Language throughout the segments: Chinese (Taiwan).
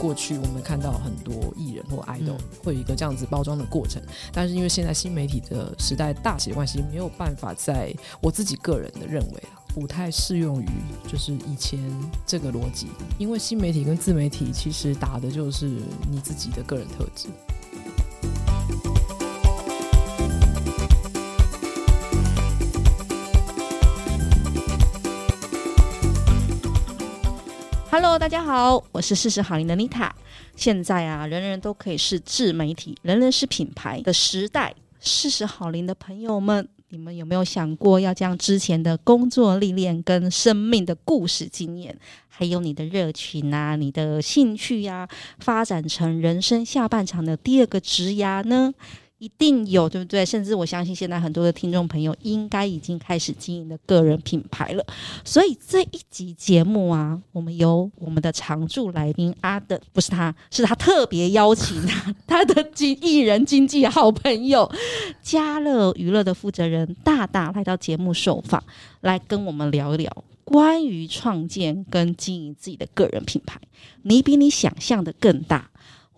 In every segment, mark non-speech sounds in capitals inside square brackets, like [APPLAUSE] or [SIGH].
過去我們看到很多藝人或 idol 會有一個這樣子包裝的過程，嗯、但是因為現在新媒體的時代大習慣，其實沒有辦法，在我自己個人的認為啊，不太適用於就是以前這個邏輯，因為新媒體跟自媒體其實打的就是你自己的個人特質。Hello，大家好，我是四十好齡的 Nita。現在啊，人人都可以是自媒體，人人是品牌的時代。四十好齡的朋友們，你們有沒有想過要將之前的工作歷練、跟生命的故事、經驗，還有你的熱情啊、你的興趣呀、啊，發展成人生下半場的第二個職涯呢？一定有，對不對？甚至我相信現在很多的聽眾朋友應該已經開始經營的個人品牌了。所以這一集節目啊，我們由我們的常駐來賓阿德，不是他，是他特別邀請他 [LAUGHS] 他的藝藝人經紀好朋友，嘉樂娛樂的負責人大大來到節目受訪，來跟我們聊一聊關於創建跟經營自己的個人品牌，你比你想象的更大。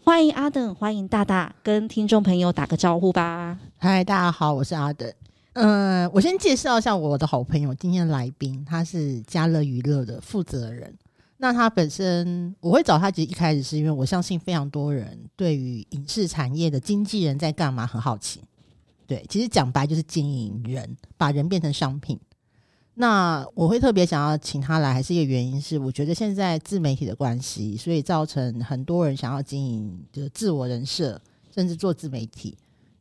歡迎 Arden，歡迎大大，跟聽眾朋友打個招呼吧。嗨，大家好，我是 Arden。嗯、呃，我先介紹一下我的好朋友，今天來賓，他是嘉樂娛樂的負責人。那他本身，我會找他，其實一開始，是因為我相信非常多人對於影視產業的經紀人在幹嘛很好奇。對，其實講白就是經營人，把人變成商品。那我會特別想要請他來，還是一個原因是，我覺得現在自媒體的關係，所以造成很多人想要經營就是自我人設，甚至做自媒體。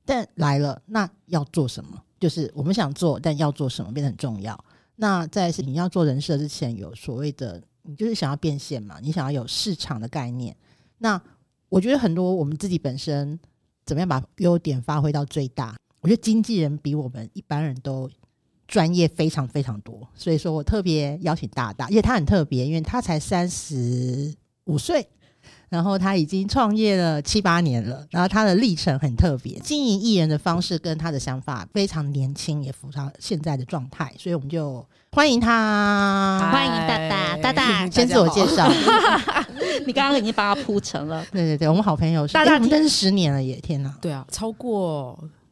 但來了，那要做什麼？就是我們想做，但要做什麼變得很重要。那在是你要做人設之前，有所謂的，你就是想要變現嘛，你想要有市場的概念。那我覺得很多我們自己本身怎麼樣把優點發揮到最大，我覺得經紀人比我們一般人都。專業非常非常多，所以說我特別邀請大大，因為他很特別，因為他才三十五歲，然後他已經創業了七八年了，然後他的歷程很特別，經營藝人的方式跟他的想法非常年輕，也符合現在的狀態，所以我們就歡迎他，歡迎大大大大，先自我介紹。 [LAUGHS] 你剛剛已經把他鋪陳了，對對對，我們好朋友大大認識十年了耶，天哪，對啊，超過。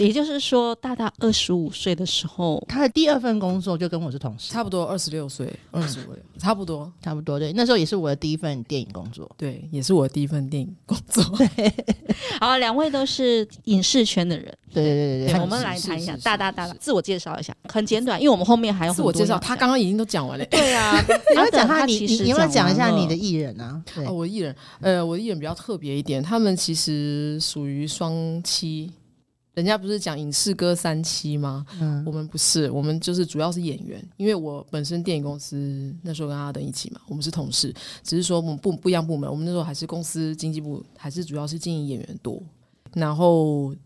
也就是說，大大二十五歲的時候，他的第二份工作就跟我是同事，差不多二十六歲，二十五差不多，差不多對。那時候也是我的第一份電影工作，對，也是我的第一份電影工作。好，兩位都是影視圈的人，對對對對，我們來談一下，大大大大，自我介紹一下，很簡短，因為我們後面還有很多自我介紹，他剛剛已經都講完了，對啊，你要講他，你有沒有講一下你的藝人啊，我藝人，呃，我藝人比較特別一點，他們其實屬於雙棲。人家不是講影視歌三棲嗎？嗯，我們不是，我們就是主要是演員。因為我本身電影公司那時候跟阿登一起嘛，我們是同事，只是說我們不不一樣部門。我們那時候還是公司經紀部，還是主要是經營演員多。然後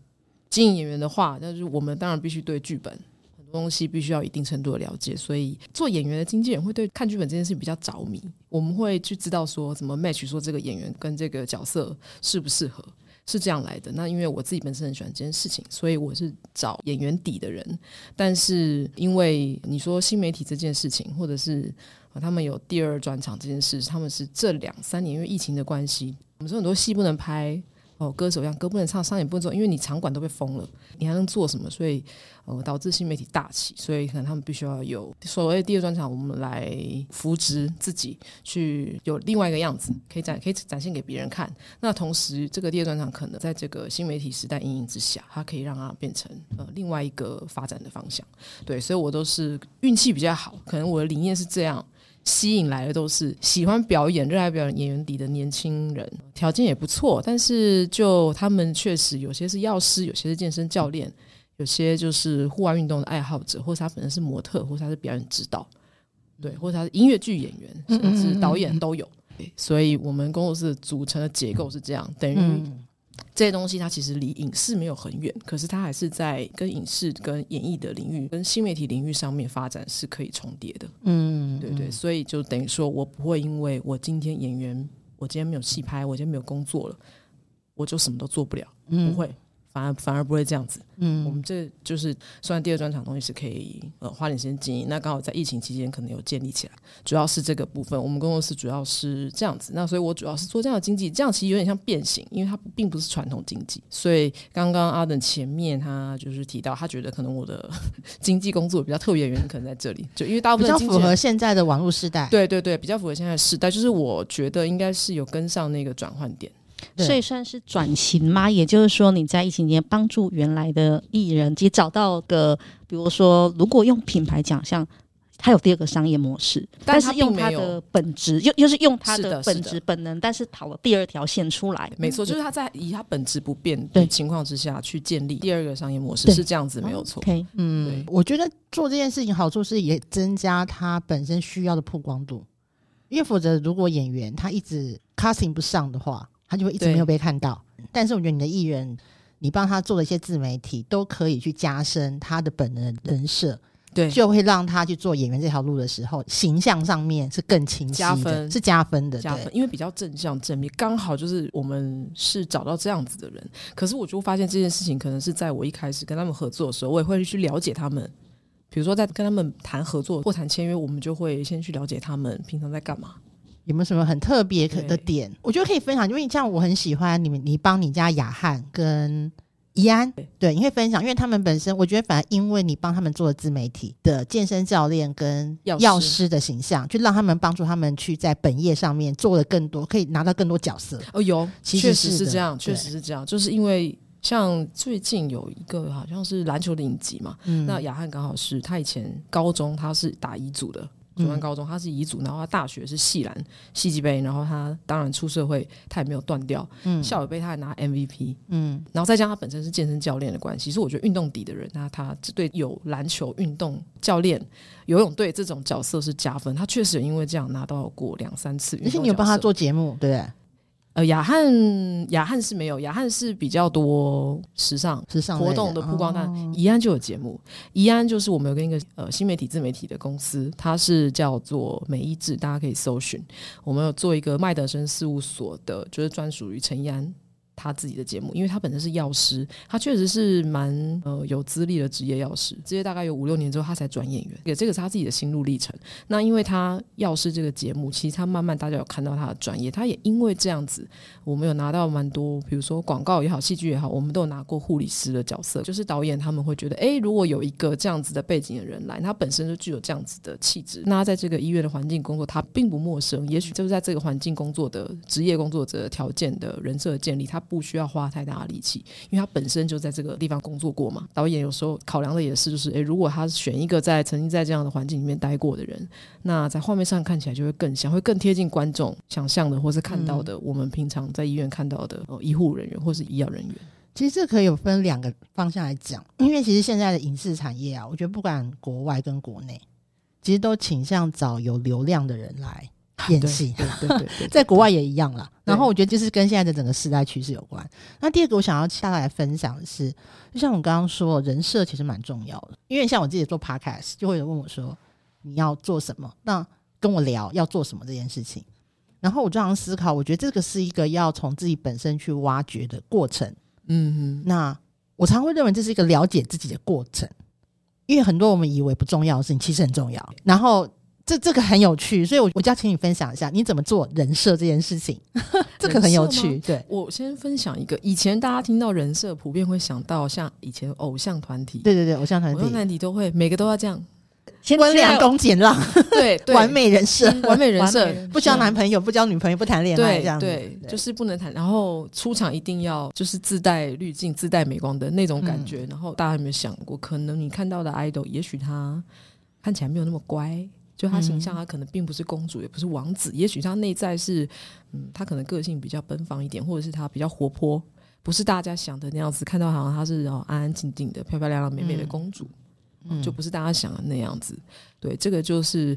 經營演員的話，那就是我們當然必須對劇本很多東西必須要一定程度的了解。所以做演員的經紀人會對看劇本這件事情比較着迷。我們會去知道說怎麼 match 說這個演員跟這個角色適不適合。是這樣來的。那因為我自己本身很喜歡這件事情，所以我是找演員底的人。但是因為你說新媒體這件事情，或者是他們有第二專場這件事，他們是這兩三年因為疫情的關係，我們說很多戲不能拍。哦，歌手一樣，歌不能唱，商演不能做，因為你場館都被封了，你還能做什麼？所以，呃，導致新媒體大起，所以可能他們必須要有所謂的第二專長，我們來扶植自己，去有另外一個樣子，可以展，可以展現給別人看。那同時，這個第二專長可能在這個新媒體時代陰影之下，它可以讓它變成呃另外一個發展的方向。對，所以我都是運氣比較好，可能我的理念是這樣。吸引來的都是喜歡表演、熱愛表演、演員底的年輕人，條件也不錯。但是，就他們確實有些是藥師，有些是健身教練，有些就是戶外運動的愛好者，或者他本身是模特，或者他是表演指導，對，或者他是音樂劇演員，甚至導演都有。嗯嗯嗯嗯，所以，我們工作室組成的結構是這樣，等於、嗯。這些東西它其實離影視沒有很遠，可是它還是在跟影視、跟演藝的領域、跟新媒體領域上面發展是可以重疊的。嗯，對對，所以就等於說，我不會因為我今天演員，我今天沒有戲拍，我今天沒有工作了，我就什麼都做不了。不會。嗯反而反而不會這樣子，嗯，我們這就是雖然第二專長東西是可以呃花點時間經營。那剛好在疫情期間可能有建立起來，主要是這個部分。我們工作室主要是這樣子，那所以我主要是做這樣的經紀，這樣其實有點像變形，因為它並不是傳統經紀。所以剛剛 Arden 前面他就是提到，他覺得可能我的經紀工作比較特別的原因可能在這裡，就因為大部分比較符合現在的網絡時代，對對對，比較符合現在的時代，就是我覺得應該是有跟上那個轉換點。對所以算是轉型嗎？也就是說，你在疫情期間幫助原來的藝人，也找到個，比如說，如果用品牌講，像他有第二個商業模式，但，他但是用他的本質，又又是用他的本質本能，是的是的，但是逃了第二條線出來，嗯、沒錯，就是他在以他本質不變的情況之下去建立第二個商業模式，對是這樣子沒有錯。Okay, 對嗯，對我覺得做這件事情好處是也增加他本身需要的曝光度，因為否則如果演員他一直 casting 不上的話。他就會一直沒有被看到，對但是我覺得你的藝人，你幫他做的一些自媒體，都可以去加深他的本人人設，對，就會讓他去做演員這條路的時候，形象上面是更清晰，加分是加分的，加分，對因為比較正向正面，剛好就是我們是找到這樣子的人。可是我就發現這件事情，可能是在我一開始跟他們合作的時候，我也會去了解他們，比如說在跟他們談合作或談簽約，我們就會先去了解他們平常在幹嘛。有沒有什麼很特別可的點？對我覺得可以分享，因為像我很喜歡你們，你幫你家雅翰跟怡安，對，對，你會分享，因為他們本身，我覺得反而因為你幫他們做了自媒體的健身教練跟藥師，師，師的形象，就讓他們幫助他們去在本業上面做的更多，可以拿到更多角色。哦，有，其實是，確實是這樣，確對實是這樣，就是因為像最近有一個好像是籃球的影集嘛，嗯、那雅翰剛好是他以前高中他是打乙組的。台灣高中，他是乙組，然後他大學是系籃、系際盃，然後他當然出社會，他也沒有斷掉。嗯，校友杯他還拿 MVP。嗯，然後再加上他本身是健身教練的關係，所以我覺得運動底的人，那他對有籃球運動教練、游泳隊這種角色是加分。他確實因為這樣拿到過兩三次運動。而且你有幫他做節目，對。呃，雅漢，雅漢是沒有，雅漢是比較多時尚、時尚活動的曝光量。哦，怡安就有節目，怡安就是我們有跟一個呃新媒體自媒體的公司，它是叫做美一智，大家可以搜尋。我們有做一個麥德森事務所的，就是專屬於陳怡安。他自己的節目，因為他本身是藥師，他確實是蠻呃有資歷的職業藥師，職業大概有五六年之後，他才轉演員，也這個是他自己的心路歷程。那因為他藥師這個節目，其實他慢慢大家有看到他的專業，他也因為這樣子，我們有拿到蠻多，比如說廣告也好，戲劇也好，我們都有拿過護理師的角色。就是導演他們會覺得，誒，如果有一個這樣子的背景的人來，他本身就具有這樣子的氣質，那他在這個醫院的環境工作，他並不陌生，也許就是在這個環境工作的職業工作者條件的人設的建立，他。不需要花太大的力氣，因為他本身就在這個地方工作過嘛。導演有時候考量的也是，就是誒、欸，如果他選一個在曾經在這樣的環境裡面待過的人，那在畫面上看起來就會更像，會更貼近觀眾想象的，或是看到的。我們平常在醫院看到的、嗯呃、醫護人員或是醫藥人員，其實這可以有分兩個方向來講。因為其實現在的影視產業啊，我覺得不管國外跟國內，其實都傾向找有流量的人來演戲、啊。對對對，對對對 [LAUGHS] 在國外也一樣啦。對然後我覺得這是跟現在的整個時代趨勢有關。那第二個我想要下來，來分享的是，就像我剛剛說，人設其實蠻重要的。因為像我自己做 podcast，就會有問我說你要做什麼？那跟我聊要做什麼這件事情。然後我常常思考，我覺得這個是一個要從自己本身去挖掘的過程。嗯哼，那我常會認為這是一個了解自己的過程，因為很多我們以為不重要的事情其實很重要。然後。這這個很有趣，所以，我，我就要請你分享一下你怎麼做人設這件事情。這個很有趣。對，我先分享一個。以前大家聽到人設，普遍會想到像以前偶像團體。對對對，偶像團體，偶像團體都會每個都要這樣，溫良恭儉讓，對，完美人設，完美人設，不交男朋友，不交女朋友，不談戀愛，這樣對，就是不能談。然後出場一定要就是自帶濾鏡、自帶美光的那種感覺。然後大家有沒有想過，可能你看到的 idol，也許他看起來沒有那麼乖。就她形象，她可能並不是公主，嗯、也不是王子。也許她內在是，嗯，她可能個性比較奔放一點，或者是她比較活潑，不是大家想的那樣子。看到好像她是、哦、安安靜靜的、漂漂亮亮、美美的公主、嗯啊，就不是大家想的那樣子。嗯、對，這個就是、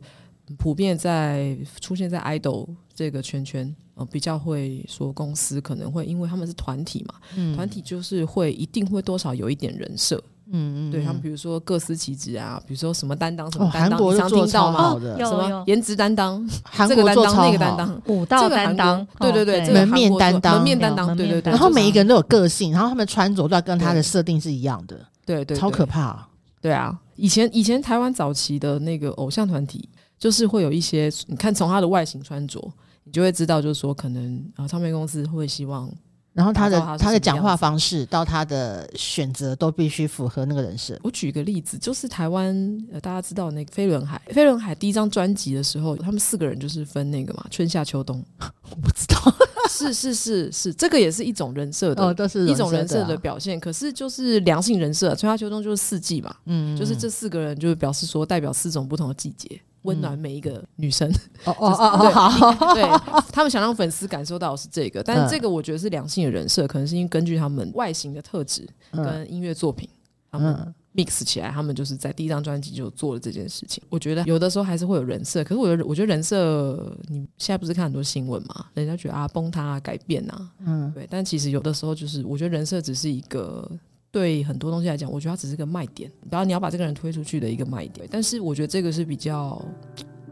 嗯、普遍在出現在 idol 這個圈圈，呃，比較會說公司可能會，因為他們是團體嘛，嗯、團體就是會一定會多少有一點人設。嗯嗯，對，像比如說各司其職啊，比如說什麼擔當，什麼擔當，你常聽到嗎？有啊，什麼顏值擔當，韓國做超好的，這個擔當，韓國舞蹈擔當，對對對，門面擔當，門面擔當，對對對。然後每一個人都有個性，然後他們穿着都要跟他的設定是一樣的，對對，超可怕，對啊。以前以前台灣早期的那個偶像團體，就是會有一些，你看從他的外形穿着，你就會知道，就是說可能啊唱片公司會希望。然後他的他，他的講話方式到他的選擇都必須符合那個人設。我舉個例子，就是台灣、呃、大家知道那個飛輪海，飛輪海第一張專輯的時候，他們四個人就是分那個嘛，春夏秋冬， [LAUGHS] 我不知道， [LAUGHS] 是是是是，這個也是一種人設的哦，都是、啊、一種人設的表現。可是就是良性人設，春夏秋冬就是四季嘛，嗯，嗯，就是這四個人就是表示說代表四種不同的季節。溫暖每一個女生，嗯、哦，哦，哦，對對， [LAUGHS] 對 [LAUGHS] 他們想讓粉絲感受到是這個，但這個我覺得是良性的人設，可能是因為根據他們外形的特質跟音樂作品，他們 mix 起來，他們就是在第一張專輯就做了這件事情。我覺得有的時候還是會有人設，可是我覺得我覺得人設，你現在不是看很多新聞嘛，人家覺得啊崩塌啊改變啊，嗯，對，但其實有的時候就是我覺得人設只是一個。對很多東西來講，我覺得它只是個賣點，然後你要把這個人推出去的一個賣點。但是我覺得這個是比較，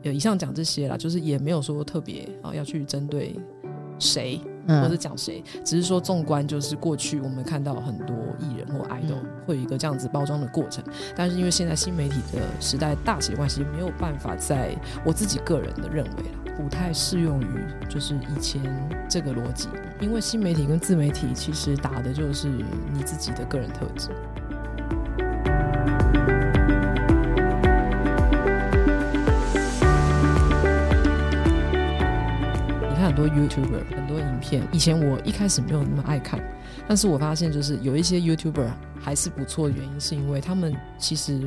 有以上講這些啦，就是也沒有說特別啊要去針對誰。或者講誰，只是說縱觀就是過去，我們看到很多藝人或 idol 會有一個這樣子包裝的過程，嗯、但是因為現在新媒體的時代大體其實沒有辦法，在我自己個人的認為啦，不太適用於就是以前這個邏輯，因為新媒體跟自媒體其實打的就是你自己的個人特質。 [MUSIC] 你看很多 YouTuber。片以前我一開始沒有那麼愛看，但是我發現就是有一些 YouTuber 還是不錯的原因是因為他們其實，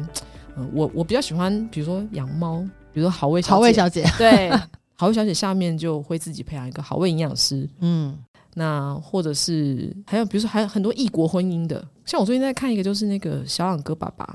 嗯、呃，我我比較喜歡比，比如說養貓，比如說好味好味小姐，好味小姐對，好味 [LAUGHS] 小姐下面就會自己培養一個好味營養師，嗯，那或者是還有比如說還有很多異國婚姻的，像我最近在看一個就是那個小朗哥爸爸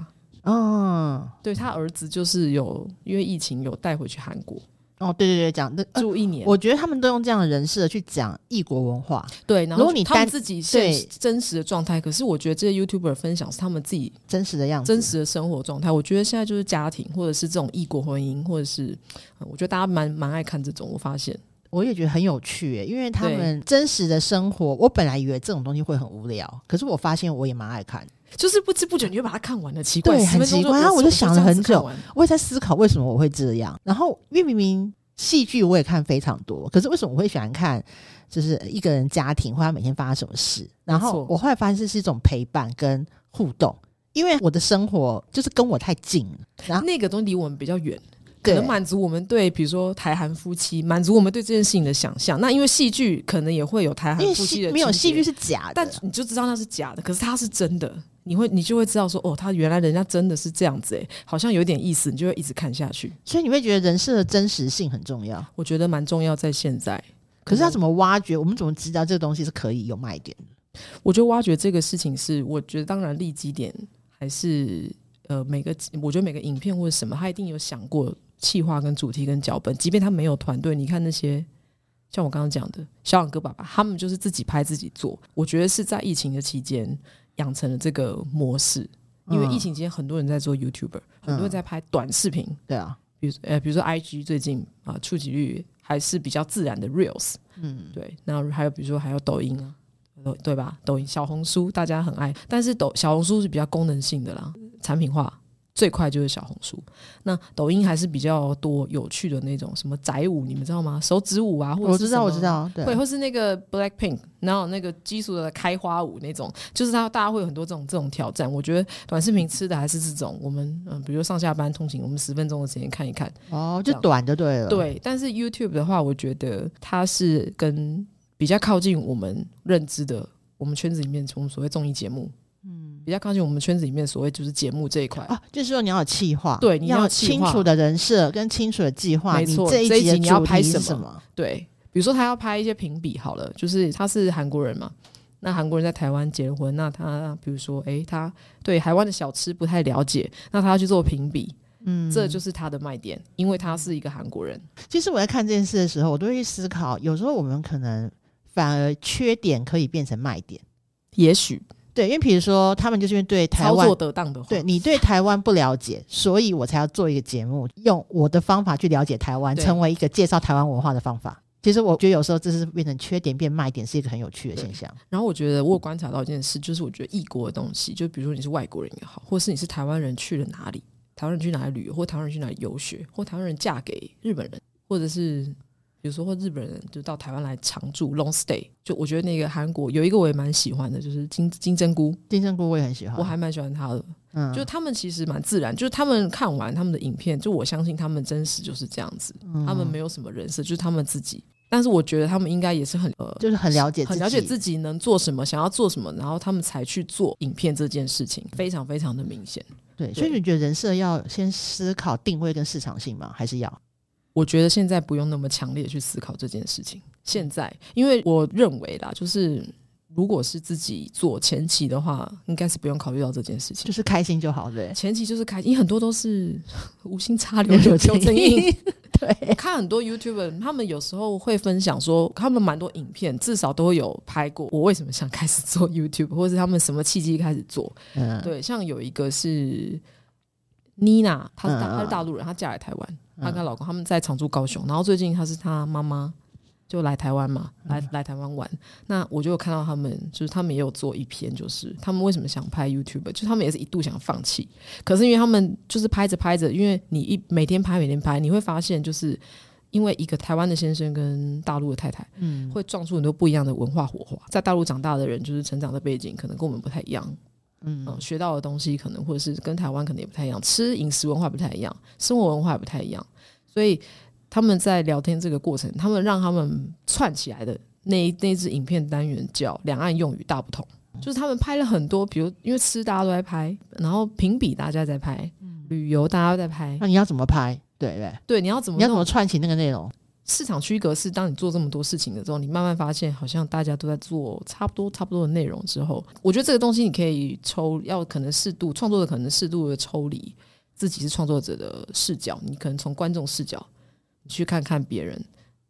啊，哦、對他兒子就是有因為疫情有帶回去韓國。哦，對對對，講那住一年，呃，我覺得他們都用這樣的人設去講異國文化，對。然後你看自己是對真實的狀態，可是我覺得這些 YouTuber 分享是他們自己真實的樣子，真實的生活狀態。我覺得現在就是家庭，或者是這種異國婚姻，或者是、呃、我覺得大家蠻蠻愛看這種。我發現我也覺得很有趣，欸，因為他們真實的生活，對我本來以為這種東西會很無聊，可是我發現我也蠻愛看。就是不知不覺你就把它看完了，奇怪，很奇怪，就然後我就想了很久，我，我也在思考為什麼我會這樣。然後因為明明戲劇我也看非常多，可是為什麼我會喜歡看？就是一個人家庭或者他每天發生什麼事，沒錯。然後我後來發現是一種陪伴跟互動，因為我的生活就是跟我太近了，然後那個東西離我們比較遠。對能滿足我們對，比如說台韓夫妻，滿足我們對這件事情的想象。那因為戲劇可能也會有台韓夫妻的，沒有戲劇是假的，但你就知道那是假的。可是它是真的，你會你就會知道說，哦，他原來人家真的是這樣子。欸，哎，好像有點意思，你就會一直看下去。所以你會覺得人設的真實性很重要，我覺得蠻重要，在現在。可是要怎麼挖掘？嗯、我們怎麼知道這個東西是可以有賣點？我覺得挖掘這個事情是，我覺得當然利基點還是。呃，每個我覺得每個影片或者什麼，他一定有想過企劃、跟主題、跟腳本。即便他沒有團隊，你看那些像我剛剛講的《小朗哥爸爸》，他們就是自己拍自己做。我覺得是在疫情的期間養成了這個模式，因為疫情期間很多人在做 YouTuber，、嗯、很多人在拍短視頻。嗯、對啊，比如呃比如說 IG 最近啊、呃，觸及率還是比較自然的 Reels。嗯，對。那還有比如說還有抖音啊，呃、對吧？抖音、小紅書大家很愛，但是抖小紅書是比較功能性的啦。產品化最快就是小紅書，那抖音還是比較多有趣的那種，什麼宅舞你們知道嗎？手指舞啊，或者是我知道，我知道，對，或者是那個 Blackpink，然後那個基礎的開花舞那種，就是它大家會有很多這種這種挑戰。我覺得短視頻吃的還是這種，我們嗯、呃，比如說上下班通勤，我們十分鐘的時間看一看，哦，就短的。對了。對，但是 YouTube 的話，我覺得它是跟比較靠近我們認知的，我們圈子裡面從所謂綜藝節目。比較靠近我們圈子裡面所謂就是節目這一塊啊，就是說你要有企劃，對，你要，有要清楚的人設跟清楚的計劃。沒錯錯，這一節你要拍什麼？對，比如說他要拍一些評比好了，就是他是韓國人嘛，那韓國人在台灣結了婚，那他那比如說誒、欸，他對台灣的小吃不太了解，那他要去做評比，嗯，這就是他的賣點，因為他是一個韓國人。其實我在看這件事的時候，我都會去思考，有時候我們可能反而缺點可以變成賣點，也許。對，因為比如說他們就是因為對台灣對你對台灣不了解，所以我才要做一個節目，用我的方法去了解台灣，對成為一個介紹台灣文化的方法。其實我覺得有時候這是變成缺點變賣點，是一個很有趣的現象。然後我覺得我有觀察到一件事，就是我覺得異國的東西，就比如說你是外國人也好，或是你是台灣人去了哪裡，台灣人去哪裡旅遊，或台灣人去哪裡遊學，或台灣人嫁給日本人，或者是。有時候日本人就到台灣來常住，long stay。就我覺得那個韓國有一個我也蠻喜歡的，就是金金針菇。金針菇我也很喜歡，我還蠻喜歡他的。嗯，就他們其實蠻自然，就是他們看完他們的影片，就我相信他們真實就是這樣子。嗯、他們沒有什麼人設，就是他們自己。但是我覺得他們應該也是很，呃、就是很了解自己，很了解自己能做什麼，想要做什麼，然後他們才去做影片這件事情，非常非常的明顯、嗯。對，所以你覺得人設要先思考定位跟市場性嗎？還是要？我覺得現在不用那麼強烈去思考這件事情。現在，因為我認為啦，就是如果是自己做前期的話，應該是不用考慮到這件事情，就是開心就好，對。前期就是開心，因為很多都是無心插柳柳成蔭。對，看很多 YouTuber，他們有時候會分享說，他們蠻多影片，至少都有拍過。我為什麼想開始做 YouTube，或是他們什麼契機開始做？嗯、對，像有一個是妮娜，她是大、嗯、她是大陸人，她嫁來台灣。她跟她老公他們在常駐高雄，嗯、然後最近她是她媽媽就來台灣嘛，來來台灣玩。嗯、那我就有看到他們，就是他們也有做一篇，就是他們為什麼想拍 YouTube，就是他們也是一度想放棄，可是因為他們就是拍着拍着，因為你一每天拍每天拍，你會發現就是因為一個台灣的先生跟大陸的太太，嗯，會撞出很多不一樣的文化火花。在大陸長大的人，就是成長的背景可能跟我們不太一樣。嗯，學到的東西可能或者是跟台灣可能也不太一樣，吃飲食文化不太一樣，生活文化也不太一樣，所以他們在聊天這個過程，他們讓他們串起來的那一那支影片單元叫“兩岸用語大不同”，就是他們拍了很多，比如因為吃大家都在拍，然後評比大家在拍，旅遊大家都在拍，那你要怎麼拍？對不對？對，你要怎麼你要怎麼串起那個內容？市場區隔是，當你做這麼多事情的時候，你慢慢發現，好像大家都在做差不多、差不多的內容之後，我覺得這個東西你可以抽，要可能適度創作者可能適度的抽離自己是創作者的視角，你可能從觀眾視角你去看看別人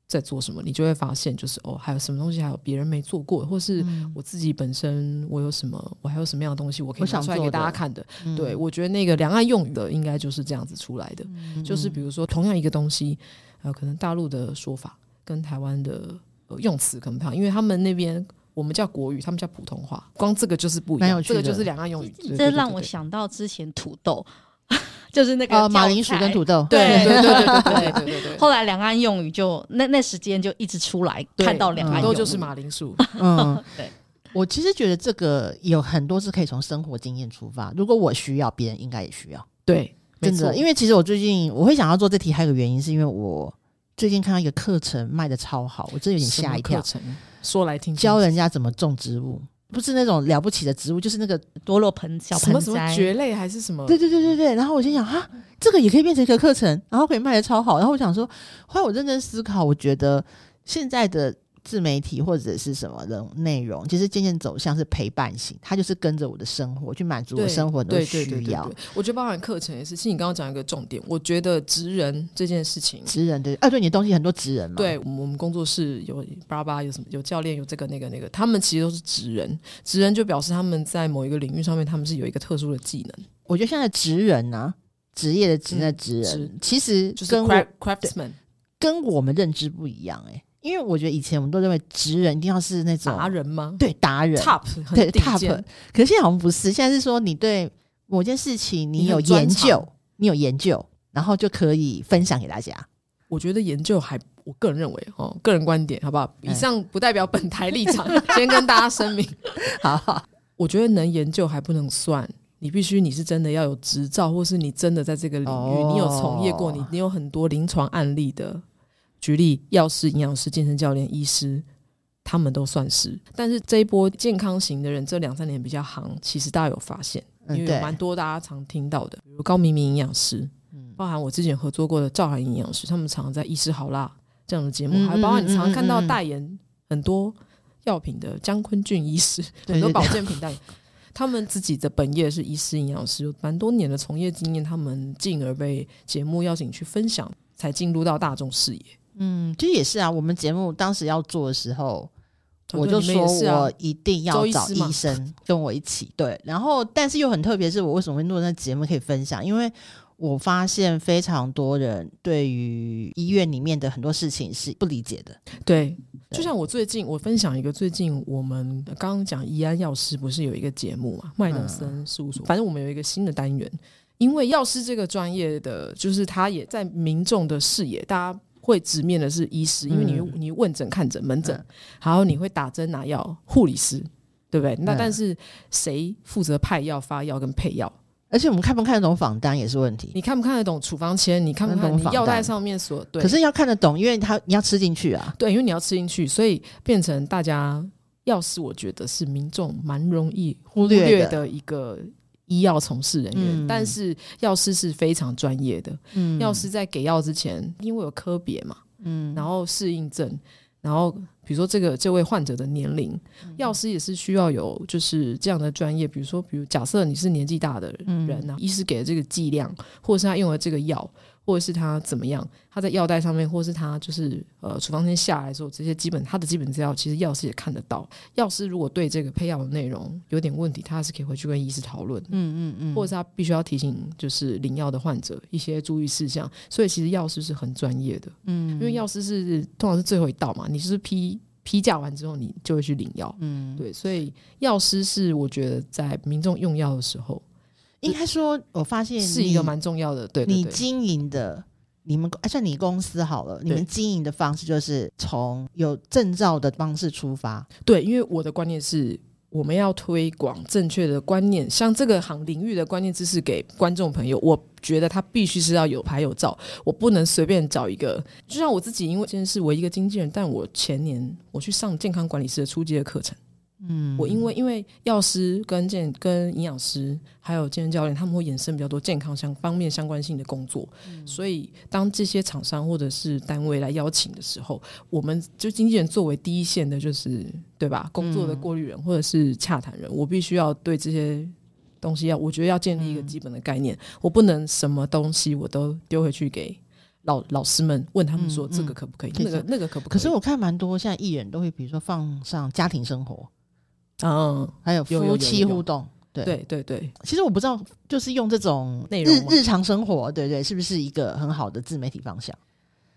在做什麼，你就會發現，就是哦，還有什麼東西，還有別人沒做過，或是我自己本身我有什麼，我還有什麼樣的東西我可以想出來給大家看的。的嗯、對，我覺得那個兩岸用語的應該就是這樣子出來的，嗯、就是比如說同樣一個東西。呃、可能大陸的說法跟台灣的、呃、用詞可能不一樣，因為他們那邊我們叫國語，他們叫普通話，光這個就是不一樣，這個就是兩岸用語。這你讓我想到之前土豆，就是那個馬鈴薯跟土豆， [LAUGHS] 對對對對對對對。 [LAUGHS] 後來兩岸用語就那那時間就一直出來看到兩岸用語，都、嗯、就是馬鈴薯。嗯， [LAUGHS] 對。我其實覺得這個有很多是可以從生活經驗出發，如果我需要，別人應該也需要。對。真的，沒錯。因為其實我最近我會想要做這題，還有個原因是因為我最近看到一個課程賣的超好，我真的有點嚇一跳。什麼課程？說來聽聽。教人家怎麼種植物，不是那種了不起的植物，就是那個多肉盆、小盆栽，蕨類還是什麼？對對對對對，然後我心想，哈，這個也可以變成一個課程，然後可以賣的超好。然後我想說，後來我認真思考，我覺得現在的。自媒體或者是什麼的內容，其實漸漸走向是陪伴型，它就是跟着我的生活去滿足我的生活的需要。我覺得包含課程也是，其實你剛剛講一個重點，我覺得職人這件事情，職人的啊，對，你的東西很多職人嘛，對，我們工作室有爸爸有什麼有教練有這個那個那個，他們其實都是職人，職人就表示他們在某一個領域上面他們是有一個特殊的技能。我覺得現在職人啊，職業的職在職人，嗯、其實就是 craft, craftsman，跟我們認知不一樣哎、欸。因為我覺得以前我們都認為，職人一定要是那種達人嗎？對，達人，top，對 top。可是現在好像不是，現在是說你對某件事情你有研究，你,你有研究，然後就可以分享給大家。我覺得研究還，我個人認為哦，個人觀點，好不好？以上不代表本台立場，哎、先跟大家聲明。 [LAUGHS] 好好，我覺得能研究還不能算，你必須你是真的要有執照，或是你真的在這個領域、哦、你有從業過，你你有很多臨床案例的。舉例，藥師、營養師、健身教練、醫師，他們都算是。但是這一波健康型的人，這兩三年比較行，其實大家有發現，因為蠻多大家常聽到的，比如高明明營養師，包含我之前合作過的趙涵營養師，他們常常在《醫師好辣》這樣的節目，嗯、還包括你常常看到代言很多藥品的江坤俊醫師，嗯、很多保健品代言，他們自己的本業是醫師、營養師，有蠻多年的從業經驗，他們進而被節目邀請去分享，才進入到大眾視野。嗯，其實也是啊。我們節目當時要做的時候，哦、我就說是、啊、我一定要找醫生跟我一起對。然後，但是又很特別，是我為什麼會弄那節目可以分享？因為我發現非常多人對於醫院裡面的很多事情是不理解的。對，對，就像我最近我分享一個，最近我們剛剛講怡安藥師不是有一個節目嘛？嗯、麥德森事務所，反正我們有一個新的單元，因為藥師這個專業的，就是他也在民眾的視野，大家。會直面的是醫師，因為你你問診、看診、門診，嗯、然後你會打針拿藥，護理師，對不對？嗯、那但是誰負責派藥、發藥跟配藥？而且我們看不看得懂訪單也是問題。你看不看得懂處方籤？你看不看得懂藥袋上面所？對，可是要看得懂，因為他你要吃進去啊。對，因為你要吃進去，所以變成大家藥師，我覺得是民眾蠻容易忽略的一個。醫藥從事人員，嗯、但是藥師是非常專業的。藥師、嗯、在給藥之前，因為有科別嘛，嗯，然後適應症，然後比如說這個這位患者的年齡，藥師也是需要有就是這樣的專業。比如說，比如假設你是年紀大的人呢，嗯、醫師給的這個劑量，或者是他用了這個藥。或者是他怎麼樣？他在藥袋上面，或者是他就是呃，處方箋下來之後，這些基本他的基本資料，其實藥師也看得到。藥師如果對這個配藥的內容有點問題，他是可以回去跟醫師討論。嗯嗯嗯。或者是他必須要提醒，就是領藥的患者一些注意事項。所以其實藥師是很專業的。嗯，嗯。因為藥師是通常是最後一道嘛，你就是批批價完之後，你就會去領藥。嗯。對，所以藥師是我覺得在民眾用藥的時候。應該說，我發現是一個蠻重要的。對，對，對，你經營的，你們、啊、算你公司好了，對你們經營的方式就是從有證照的方式出發。對，因為我的觀念是我們要推廣正確的觀念，像這個行領域的觀念知識給觀眾朋友，我覺得他必須是要有牌有照，我不能隨便找一個。就像我自己，因為現在是我一個經紀人，但我前年我去上健康管理師的初級的課程。嗯，我因為因為藥師跟健跟營養師還有健身教練，他們會衍生比較多健康相方面相關性的工作，嗯、所以當這些廠商或者是單位來邀請的時候，我們就經紀人作為第一線的，就是對吧？工作的過濾人或者是洽談人，嗯、我必須要對這些東西要我覺得要建立一個基本的概念，嗯、我不能什麼東西我都丟回去給老老師們問他們說這個可不可以？嗯嗯、那個那個可不可以？可是我看蠻多現在藝人都會比如說放上家庭生活。嗯，還有夫妻互動，對對對，其實我不知道，就是用這種內容日日常生活，對，對對，是不是一個很好的自媒體方向？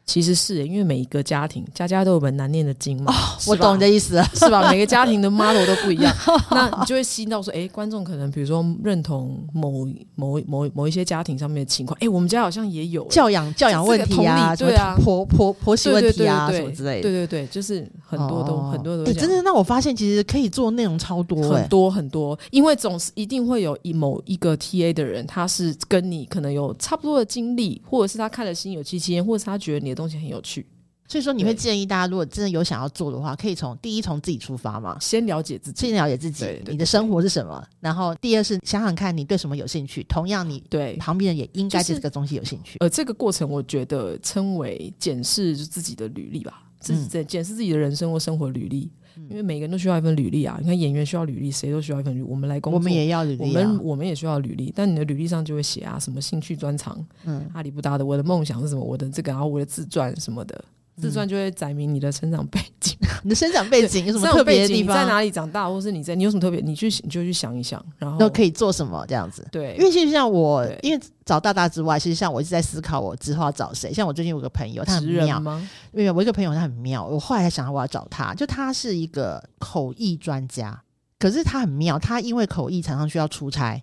其實是、欸，因為每一個家庭，家家都有本難念的經嘛。哦、吧我懂你的意思，是吧？每個家庭的 model 都不一樣， [LAUGHS] 那你就會吸引到說，哎、欸，觀眾可能比如說認同某某某某一些家庭上面的情況，哎、欸，我們家好像也有、欸、教養教養問題呀、啊，對啊，婆婆婆媳問題啊，對對對對什麼之類的，對，對對對，就是很多都、哦、很多都。講、欸。真的，那我發現其實可以做內容超多，很多很多，因為總是一定會有一某一個 TA 的人，他是跟你可能有差不多的經歷，或者是他看了心有戚戚焉或者是他覺得你。東西很有趣，所以說你會建議大家，如果真的有想要做的話，對可以從第一從自己出發嘛，先了解自己，先了解自己，對對對對，你的生活是什麼。然後第二是想想看你對什麼有興趣，同樣你對旁邊人也應該對、就是、這個東西有興趣。呃，這個過程我覺得稱為檢視自己的履歷吧，是檢視自己的人生或生活履歷。嗯因為每個人都需要一份履歷啊！你看演員需要履歷，誰都需要一份履歷。我們來工作，我們也要履歷、啊，我們我們也需要履歷。但你的履歷上就會寫啊，什麼興趣專長，嗯，阿里不達的，我的夢想是什麼？我的這個，然後我的自傳什麼的，自傳就會載明你的成長背景。嗯 [LAUGHS] 你的生長背景有什麼特別的地方？你在哪裡長大，或是你在你有什麼特別？你去你就去想一想，然後可以做什麼這樣子？對，因為其實像我，對因為找大大之外，其實像我一直在思考我之後要找誰。像我最近有個朋友，他很妙嗎？沒有，我一個朋友他很妙。我後來才想到我要找他，就他是一個口譯專家，可是他很妙。他因為口譯常常需要出差，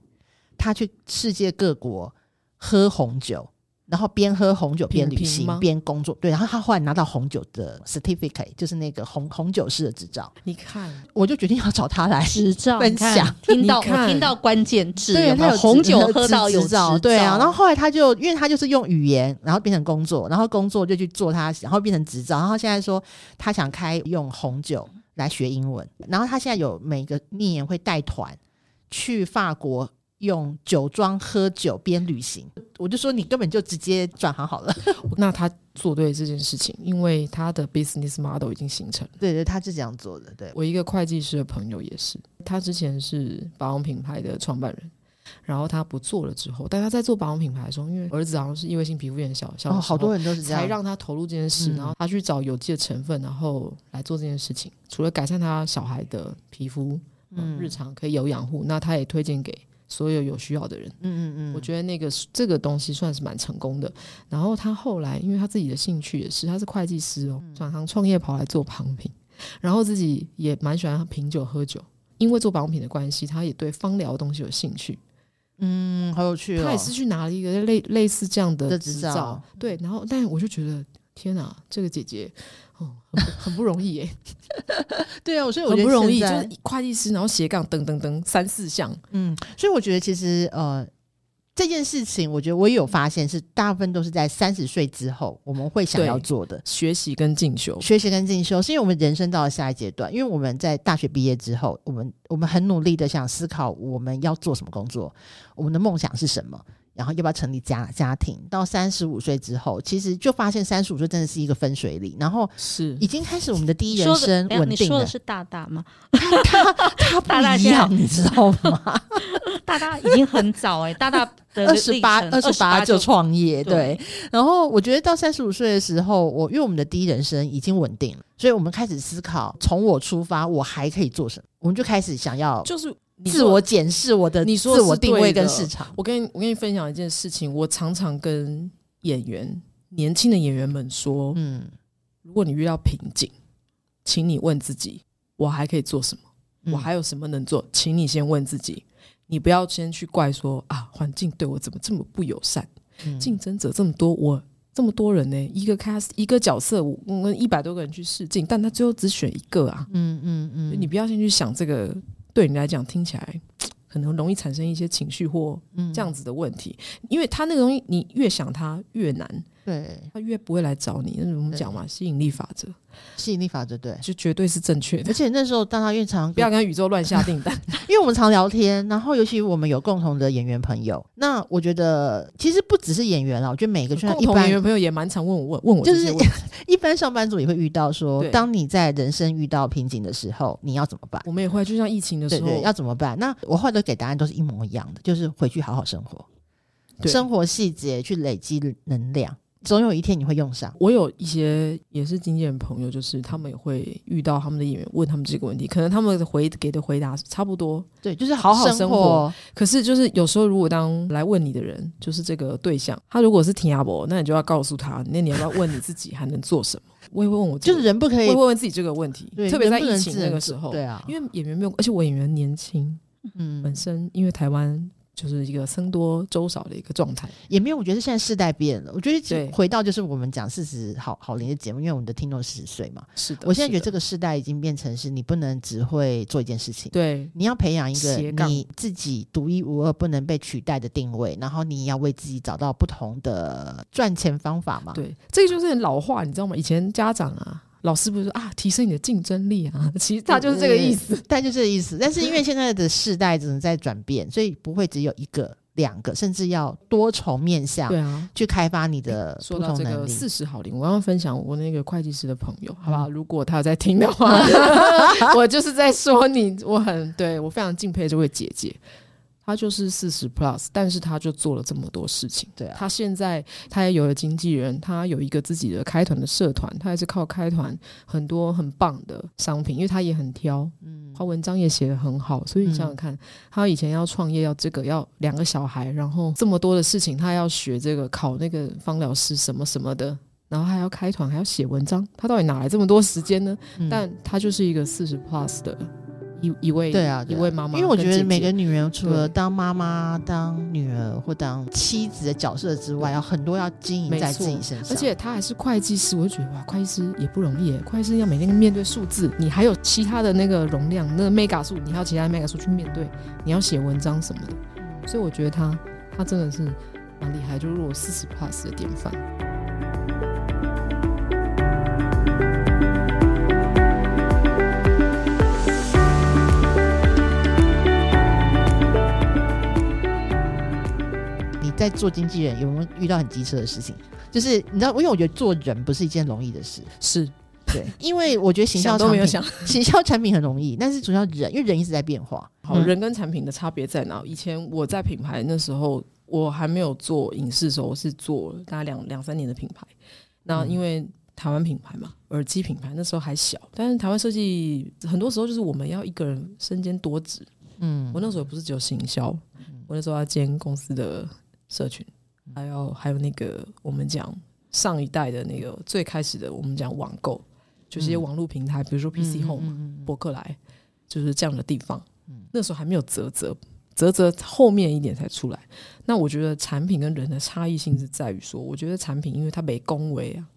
他去世界各國喝紅酒。然後邊喝紅酒邊旅行評評邊工作，對。然後他後來拿到紅酒的 certificate，就是那個紅紅酒師的執照。你看，我就決定要找他來執照分享。聽到 [LAUGHS] 我聽到關鍵字，對，他有紅酒喝到有執照，的知知照，對啊。然後後來他就，因為他就是用語言，然後變成工作，然後工作就去做他，然後變成執照，然後他現在說他想開用紅酒來學英文。然後他現在有每個年會帶團去法國。用酒莊喝酒邊旅行，我就說你根本就直接轉行好了。那他做對這件事情，因為他的 business model 已經形成。對對，他是這樣做的。對，我一個會計師的朋友也是，他之前是保養品牌的創辦人，然後他不做了之後，但他在做保養品牌的時候，因為兒子好像是異位性皮膚炎，小小好多人都是這樣，才讓他投入這件事。然後他去找有機的成分，然後來做這件事情。除了改善他小孩的皮膚，嗯，日常可以有養護，那他也推薦給。所有有需要的人，嗯嗯嗯，我覺得那個這個東西算是蠻成功的。然後他後來，因為他自己的興趣也是，他是會計師哦，嗯、轉行創業跑來做旁品，然後自己也蠻喜歡品酒喝酒。因為做保養品的關係，他也對芳療的東西有興趣，嗯，好有趣哦。他也是去拿了一個類類似這樣的執照，執照對。然後，但我就覺得，天哪，這個姐姐。哦，很不容易耶、欸。 [LAUGHS] 對啊，所以我覺得很不容易，就是會計師，然後斜槓等等等等三四項，嗯，所以我覺得其實呃這件事情，我覺得我也有發現，是大部分都是在三十歲之後我們會想要做的學習跟進修，學習跟進修，是因為我們人生到了下一階段，因為我們在大學畢業之後，我們我們很努力的想思考我們要做什麼工作，我們的夢想是什麼。然後要不要成立家家庭？到三十五歲之後，其實就發現三十五歲真的是一個分水嶺。然後是已經開始我們的第一人生穩定了。你說的是大大嗎？他 [LAUGHS] 他不一樣，大大樣你知道嗎？大大已經很早哎、欸， [LAUGHS] 大大二十八二十八就創業就對。對，然後我覺得到三十五歲的時候，我因為我們的第一人生已經穩定了，所以我們開始思考：從我出發，我還可以做什麼？我們就開始想要就是。自我檢視我的，自我定位跟市場我。你我跟你我跟你分享一件事情，我常常跟演員年輕的演員們說，嗯，如果你遇到瓶頸，請你問自己，我還可以做什麼？嗯、我還有什麼能做？請你先問自己，你不要先去怪說啊，環境對我怎麼這麼不友善？競、嗯、爭者這麼多，我這麼多人呢、欸，一個開始一個角色，我跟一百多個人去試鏡，但他最後只選一個啊，嗯嗯嗯，你不要先去想這個。對你來講聽起來，可能容易產生一些情緒或這樣子的問題，嗯、因為他那個東西，你越想他越難。對，他越不會來找你。那是我們講嘛，對吸引力法則，吸引力法則對，就絕對是正確的。而且那時候，當他越常，常不要跟宇宙亂下訂單， [LAUGHS] 因為我們常聊天，然後尤其我們有共同的演員朋友，那我覺得其實不只是演員啦，我覺得每個圈，一般同演員朋友也蠻常問我問問我問就是一般上班族也會遇到說，對當你在人生遇到瓶頸的時候，你要怎麼辦？我們也會就像疫情的時候對對對要怎麼辦？那我後來都給答案都是一模一樣的，就是回去好好生活，對對生活細節去累積能量。總有一天你會用上。我有一些也是經紀人朋友，就是他們也會遇到他們的演員問他們這個問題，可能他們回給的回答是差不多，對，就是好好生活。生活。可是就是有時候，如果當來問你的人就是這個對象，他如果是田亞伯，那你就要告訴他，那你要不要問你自己還能做什麼？ [LAUGHS] 我也會問我、這個，就是人不可以問問自己這個問題，對特別在疫情那個時候，對啊，因為演員沒有，而且我演員年輕，嗯，本身因為台灣。就是一個僧多粥少的一個狀態，也沒有。我覺得現在世代變了，我覺得回到就是我們講四十對好好齡的節目，因為我們的聽眾四十歲嘛。是的，我現在覺得這個世代已經變成是你不能只會做一件事情，對，你要培養一個你自己獨一無二、不能被取代的定位，槓然後你要為自己找到不同的賺錢方法嘛。對，這個、就是很老話，你知道嗎？以前家長啊。老師不是說啊，提升你的競爭力啊，其實他就是這個意思，他、嗯、就這個意思。但是因為現在的世代只能在轉變，所以不會只有一個、兩個，甚至要多重面向，對啊，去開發你的能力。說到這個四十好齡，我要分享我那個會計師的朋友，好不好？嗯、如果他有在聽的話，我， [LAUGHS] [LAUGHS] 我就是在說你，我很對我非常敬佩這位姐姐。他就是四十 plus，但是他就做了這麼多事情。對啊，他現在他也有了經紀人，他有一個自己的開團的社團，他也是靠開團很多很棒的商品，因為他也很挑，嗯，他文章也寫得很好。所以你想想看，嗯、他以前要創業要這個要兩個小孩，然後這麼多的事情，他要學這個考那個芳療師什麼什麼的，然後還要開團，還要寫文章，他到底哪來這麼多時間呢？嗯、但他就是一個四十 plus 的。一一位對啊，對啊，一位媽媽姐姐。因為我覺得每個女人除了當媽媽、對當女兒或當妻子的角色之外，要、嗯、很多要經營在自己身上，而且她還是會計師，我覺得哇，會計師也不容易，會計師要每天面對數字，你還有其他的那個容量，那個、Mega 數，你還有其他的 Mega 數去面對，你要寫文章什麼的，所以我覺得她她真的是蠻厲害，就是我四十 plus 的典範。在做經紀人有沒有遇到很棘手的事情？就是你知道，因為我覺得做人不是一件容易的事，是對，因為我覺得行銷產品，想都沒有想行銷產品很容易，但是主要人，因為人一直在變化。好、嗯，嗯、人跟產品的差別在哪？以前我在品牌那時候，我還沒有做影視的時候，我是做大概兩兩三年的品牌。那因為台灣品牌嘛，嗯、耳機品牌，那時候還小，但是台灣設計很多時候就是我們要一個人身兼多職。嗯，我那時候不是只有行銷，我那時候要兼公司的社群，還有、嗯、還有那個我們講上一代的那個最開始的我們講網購，就是一些網絡平台，嗯、比如說 PC Home、嗯嗯嗯嗯博客來，就是這樣的地方。嗯、那時候還沒有嘖嘖嘖嘖，嘖嘖後面一點才出來。那我覺得產品跟人的差異性是在於說，我覺得產品因為它沒恭維啊。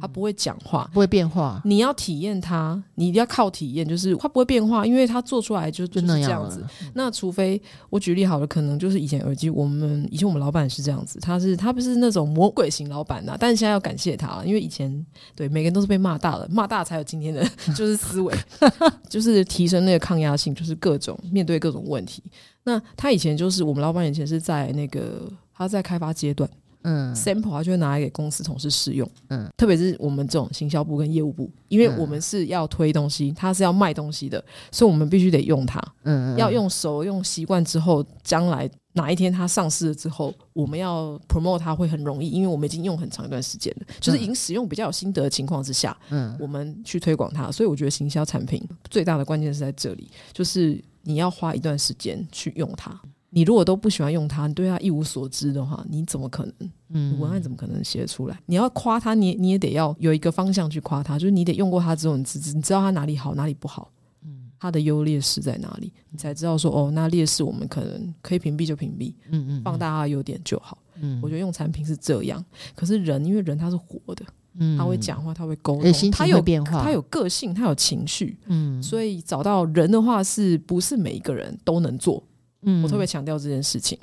他不會講話、嗯，不會變化。你要體驗它，你一定要靠體驗。就是它不會變化，因為它做出來就就是這樣子。是那樣的，嗯、那除非我舉例好了，可能就是以前耳機，我們以前我們老闆是這樣子，他是他不是那種魔鬼型老闆吶、啊。但是現在要感謝他，因為以前對每個人都是被罵大的，罵大才有今天的，就是思維， [LAUGHS] 就是提升那個抗壓性，就是各種面對各種問題。那他以前就是我們老闆以前是在那個他在開發階段。嗯，sample 啊，它就會拿來給公司同事試用。嗯，特別是我們這種行銷部跟業務部，因為我們是要推東西，它是要賣東西的，所以我們必須得用它。嗯，嗯，要用熟、用習慣之後，將來哪一天它上市了之後，我們要 promote 它會很容易，因為我們已經用很長一段時間了，就是已經使用比較有心得的情況之下，嗯，我們去推廣它。所以我覺得行銷產品最大的關鍵是在這裡，就是你要花一段時間去用它。你如果都不喜歡用它，你對它一無所知的話，你怎麼可能？嗯，文案怎麼可能寫得出來？嗯嗯，你要誇它，你也你也得要有一個方向去誇它，就是你得用過它之後你知，你知你知道它哪裡好，哪裡不好，嗯，它的優劣勢在哪裡，你才知道說哦，那劣勢我們可能可以屏蔽就屏蔽，嗯嗯，嗯，放大它的優點就好。嗯，嗯，我覺得用產品是這樣，可是人因為人他是活的，嗯，嗯，他會講話，他會溝通，他有變化，他有個性，他有情緒，嗯，嗯，所以找到人的話，是不是每一個人都能做？嗯，我特別強調這件事情。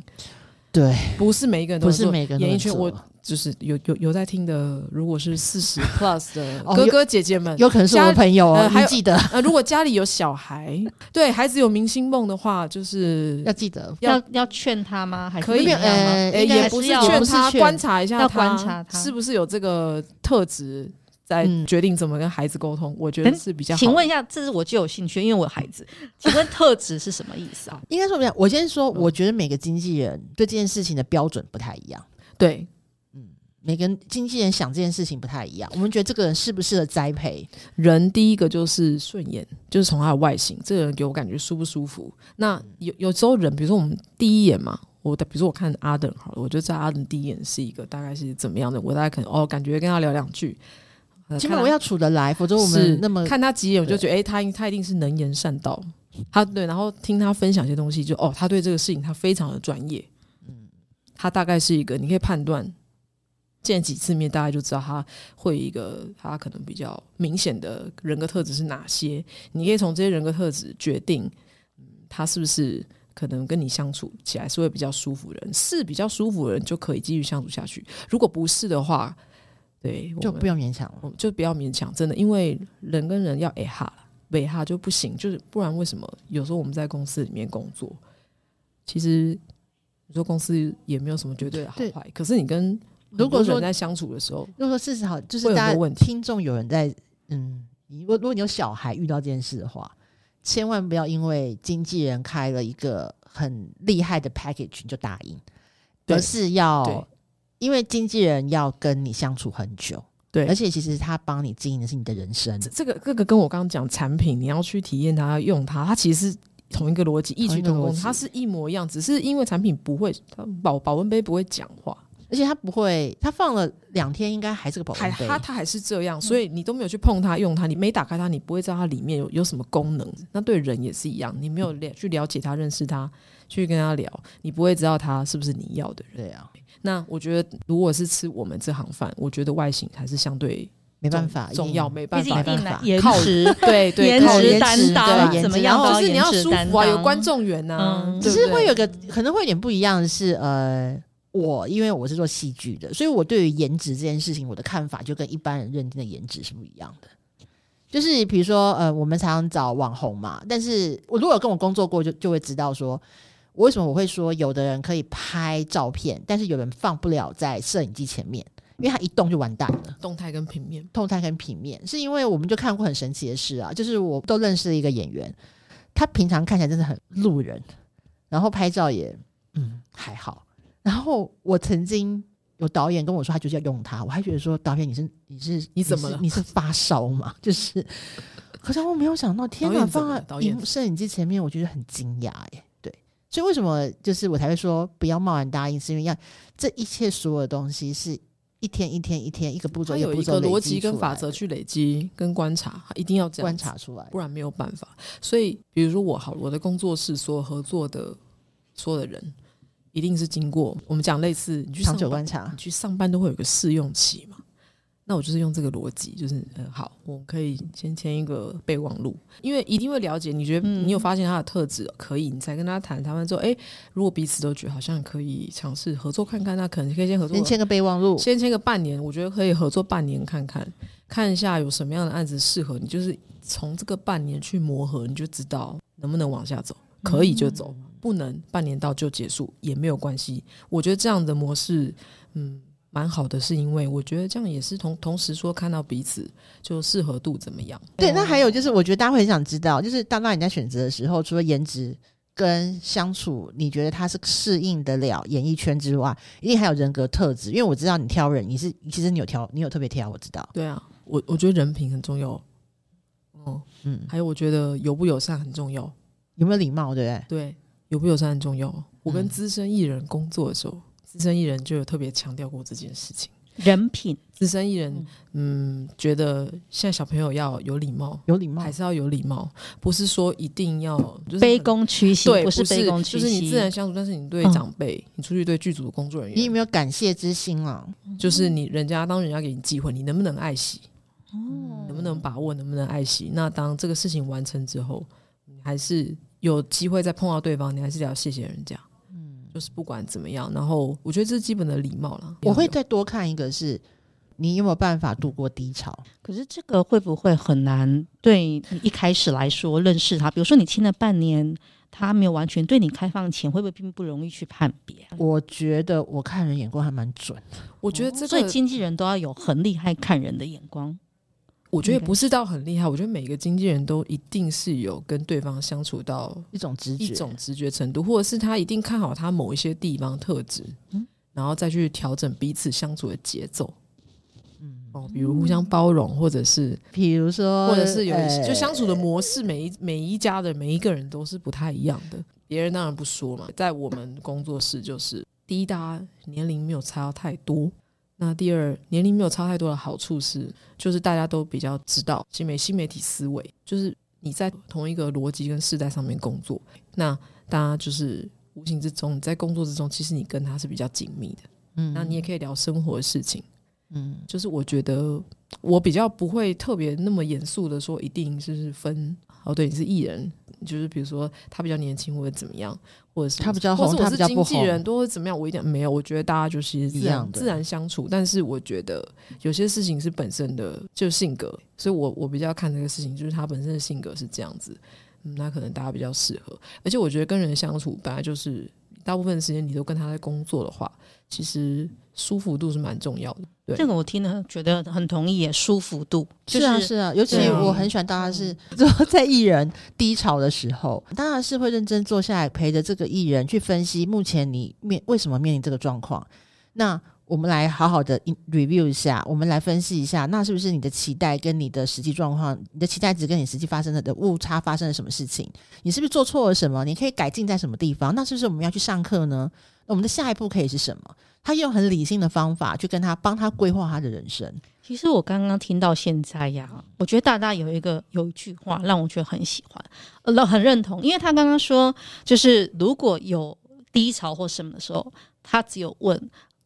對，不是每一個人都做演，演藝圈我就是有有有在聽的。如果是四十 plus 的哥哥姐姐們，哦，有，有可能是我的朋友，還家、呃、記得還、呃。如果家裡有小孩，對孩子有明星夢的話，就是要記得，要要勸他嗎？還是可以？呃、欸，欸，也不是勸他，觀察一下他要觀察他是不是有這個特質。在決定怎麼跟孩子溝通，嗯、我覺得是比較好。請問一下，這是我就有興趣，因為我有孩子。請問特質是什麼意思啊？ [LAUGHS] 應該說一下，我先說，我覺得每個經紀人對這件事情的標準不太一樣。對，嗯，每個人經紀人想這件事情不太一樣。我們覺得這個人適不適合栽培，人第一個就是順眼，就是從他的外形，這個人給我感覺舒不舒服。那有有時候人，比如說我們第一眼嘛，我的，比如說我看阿登好了，我覺得在阿登第一眼是一個大概是怎麼樣的，我大概可能哦，感覺跟他聊兩句。基本我要處得來，否則，我們那麼看他幾眼，我就覺得對、欸、他他一定是能言善道。他對，然後聽他分享一些東西，就哦，他對這個事情，他非常的專業。嗯，他大概是一個，你可以判斷，見幾次面大概就知道他會一個他可能比較明顯的人格特質是哪些。你可以從這些人格特質決定，嗯，他是不是可能跟你相處起來是會比較舒服的人，是比較舒服的人就可以繼續相處下去。如果不是的話。對，就不，就不要勉強了，就不要勉強，真的，因為人跟人要欸哈了，哎哈就不行，就是不然為什麼有時候我們在公司裡面工作，其實你說公司也沒有什麼絕對的好壞，對可是你跟如果說在相處的時候對如，如果說事實好，就是大家問聽眾有人在，嗯，如如如果你有小孩遇到這件事的話，千萬不要因為經紀人開了一個很厲害的 package 你就答應，而是要對，因為經紀人要跟你相處很久，對，而且其實他幫你經營的是你的人生。這個這個跟我剛剛講產品，你要去體驗它，用它，它其實是同一個邏輯，異曲同工，它是一模一樣，只是因為產品不會，它保保溫杯不會講話。而且他不會，他放了兩天，應該還是個寶貝。還他他還是這樣，所以你都沒有去碰它、用它，你沒打開它，你不會知道它裡面有有什麼功能。那對人也是一樣，你沒有了去了解他、認識他、去跟他聊，你不會知道他是不是你要的人 [NOISE] 對啊。那我覺得，如果是吃我們這行飯，我覺得外形還是相對沒辦法重要，沒辦法，顏值對對，顏值擔當怎麼樣就是你要舒服啊，有觀眾緣吶。只是、嗯、會有個可能會有點不一樣的是呃。我因為我是做戲劇的，所以我對於顏值這件事情，我的看法就跟一般人認定的顏值是不一樣的。就是比如說，呃，我們常常找網紅嘛，但是我如果有跟我工作過就，就就會知道說，我為什麼我會說，有的人可以拍照片，但是有人放不了在攝影機前面，因為他一動就完蛋了。動態跟平面，動態跟平面，是因為我們就看過很神奇的事啊，就是我都認識了一個演員，他平常看起來真的很路人，然後拍照也嗯還好。然後我曾經有導演跟我說，他就是要用他，我還覺得說導演你是你是你是怎麼了？你是發燒嗎？就是可是我沒有想到，天哪！放在導演攝影機前面，我覺得很驚訝耶。對，所以為什麼就是我才會說不要貿然答應，是因為要這一切所有的東西是一天一天一天一個步驟，有一個邏輯跟法則去累積跟觀察，一定要觀察出來，不然沒有辦法。所以比如說我好，我的工作室所有合作的所有的人。一定是經過我們講類似你去上長久觀察，你去上班都會有個試用期嘛。那我就是用這個邏輯，就是、嗯、好，我可以先簽一個備忘錄，因為一定會了解。你覺得你有發現他的特質，嗯、可以你才跟他談，談完之後，哎、欸，如果彼此都覺得好像可以嘗試合作看看，那可能可以先合作，先簽個備忘錄，先簽個半年。我覺得可以合作半年看看，看一下有什麼樣的案子適合你，就是從這個半年去磨合，你就知道能不能往下走，可以就走。嗯不能半年到就結束也沒有關係，我覺得這樣的模式嗯，蠻好的，是因為我覺得這樣也是同同時說看到彼此就適合度怎麼樣。對，那還有就是我覺得大家會很想知道，就是當你在選擇的時候，除了顏值跟相處，你覺得他是適應得了演藝圈之外，一定還有人格特質。因為我知道你挑人，你是其實你有挑，你有特別挑，我知道。對啊，我我覺得人品很重要。嗯、哦、嗯，還有我覺得友不友善很重要，有沒有禮貌，對不對？對。有不有善很重要。我跟資深藝人工作的時候，資、嗯、深藝人就有特別強調過這件事情。人品，資深藝人，嗯，嗯，覺得現在小朋友要有禮貌，有禮貌，還是要有禮貌。不是說一定要就是卑躬屈膝，對，不是卑躬屈膝，是就是你自然相處。但是你對長輩，嗯、你出去對劇組的工作人員，你有沒有感謝之心啊？就是你人家當人家給你機會，你能不能愛惜？哦、嗯，能不能把握？能不能愛惜？那當這個事情完成之後，你還是。有機會再碰到對方，你還是得要謝謝人家。嗯，就是不管怎麼樣，然後我覺得這是基本的禮貌了。我會再多看一個是，你有沒有辦法度過低潮？可是這個會不會很難？對你一開始來說認識他，比如說你簽了半年，他沒有完全對你開放前，會不會並不容易去判別？我覺得我看人眼光還蠻準的。我覺得做、這個哦、所以經紀人都要有很厲害看人的眼光。我覺得不是到很厲害，Okay. 我覺得每個經紀人都一定是有跟對方相處到一種直一種直覺程度，或者是他一定看好他某一些地方特質，嗯、然後再去調整彼此相處的節奏，嗯，哦，比如互相包容，或者是，比如說，或者是有一些就相處的模式，每一、欸欸、每一家的每一個人都是不太一樣的。別人當然不說嘛，在我們工作室就是，第一，大家，年齡沒有差到太多。那第二，年齡沒有差太多的好處是，就是大家都比較知道新媒新媒體思維，就是你在同一個邏輯跟世代上面工作，那大家就是無形之中在工作之中，其實你跟他是比較緊密的，嗯，嗯，那你也可以聊生活的事情，嗯，嗯，就是我覺得我比較不會特別那麼嚴肅的說，一定是分哦對，對，你是藝人，就是比如說他比較年輕或者怎麼樣。或是他比較紅，或是我是經紀人，或者怎麼樣，我一點沒有。我覺得大家就是一樣的自然相處，但是我覺得有些事情是本身的就是性格，所以我我比較看這個事情，就是他本身的性格是這樣子，嗯，那可能大家比較適合。而且我覺得跟人相處本來就是。大部分時間你都跟他在工作的話，其實舒服度是蠻重要的。對，這個我聽了覺得很同意。舒服度、就是、是啊是啊，尤其、啊、我很喜歡，大家是在藝人低潮的時候，當然是會認真坐下來陪着這個藝人去分析目前你面為什麼面臨這個狀況。那。我們來好好的 review 一下，我們來分析一下，那是不是你的期待跟你的實際狀況，你的期待值跟你實際發生的的誤差發生了什麼事情？你是不是做錯了什麼？你可以改進在什麼地方？那是不是我們要去上課呢？我們的下一步可以是什麼？他用很理性的方法去跟他幫他規劃他的人生。其實我剛剛聽到現在呀，我覺得大大有一個有一句話讓我覺得很喜歡，呃，很認同，因為他剛剛說就是如果有低潮或什麼的時候，他只有問。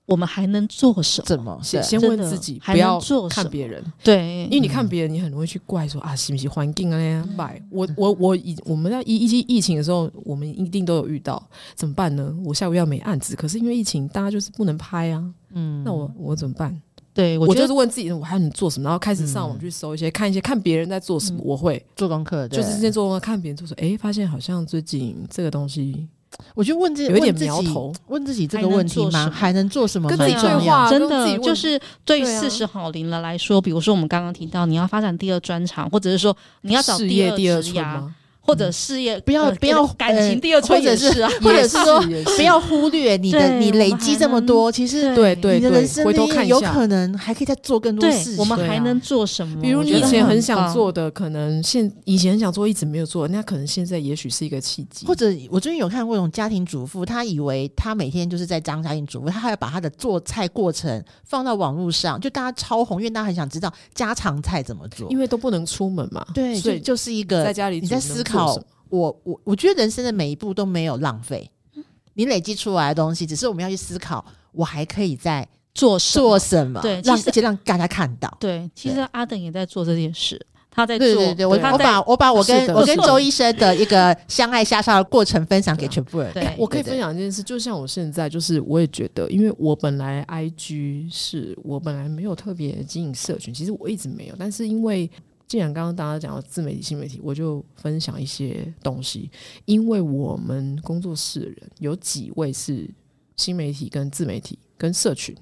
我們還能做什麼？先先問自己，不要做看別人。對，因為你看別人，你很容易去怪說啊，是不是環境啊？買我我我，以我們在一疫疫情的時候，我們一定都有遇到。怎麼辦呢？我下午要沒案子，可是因為疫情，大家就是不能拍啊。嗯，那我我怎麼辦？對，我就是問自己，我還能做什麼？然後開始上網去搜一些，看一些，看別人在做什麼。我會做功課，就是之前做功課，看別人做什麼。哎，發現好像最近這個東西。我覺得問，問自己有點苗頭，問自己這個問題嗎？還能做什麼？做什麼跟自己對話、啊，的真的就是對四十好齡了來說，啊、比如說我們剛剛提到，你要發展第二專長，或者是說你要找事業第二春嗎？或者事業不要不要感情第二，或者是或者是說不要忽略你的你累積這麼多，其實對對對，人生回頭看一下，有可能還可以再做更多事情。我們還能做什麼？比如你以前很想做的，可能現以前很想做，一直沒有做，那可能現在也許是一個契機。或者我最近有看過一種家庭主婦，她以為她每天就是在當家庭主婦，她還要把她的做菜過程放到網絡上，就大家超紅，因為大家很想知道家常菜怎麼做，因為都不能出門嘛。對，所以就是一個在家裡你在思考。好，我我我覺得人生的每一步都沒有浪費，嗯、你累積出來的東西，只是我們要去思考，我還可以再做什做什麼，對，讓而且讓大家看到，對,對，其實 Arden 也在做這件事，他在做，對對，我把我把我跟的我跟周醫生的一個相愛相殺的過程分享給全部人看，看、欸。我可以分享一件事，就像我現在，就是我也覺得，因為我本來 IG 是我本來沒有特別經營社群，其實我一直沒有，但是因為。既然剛剛大家講到自媒體、新媒體，我就分享一些東西。因為我們工作室的人有幾位是新媒體、跟自媒體、跟社群。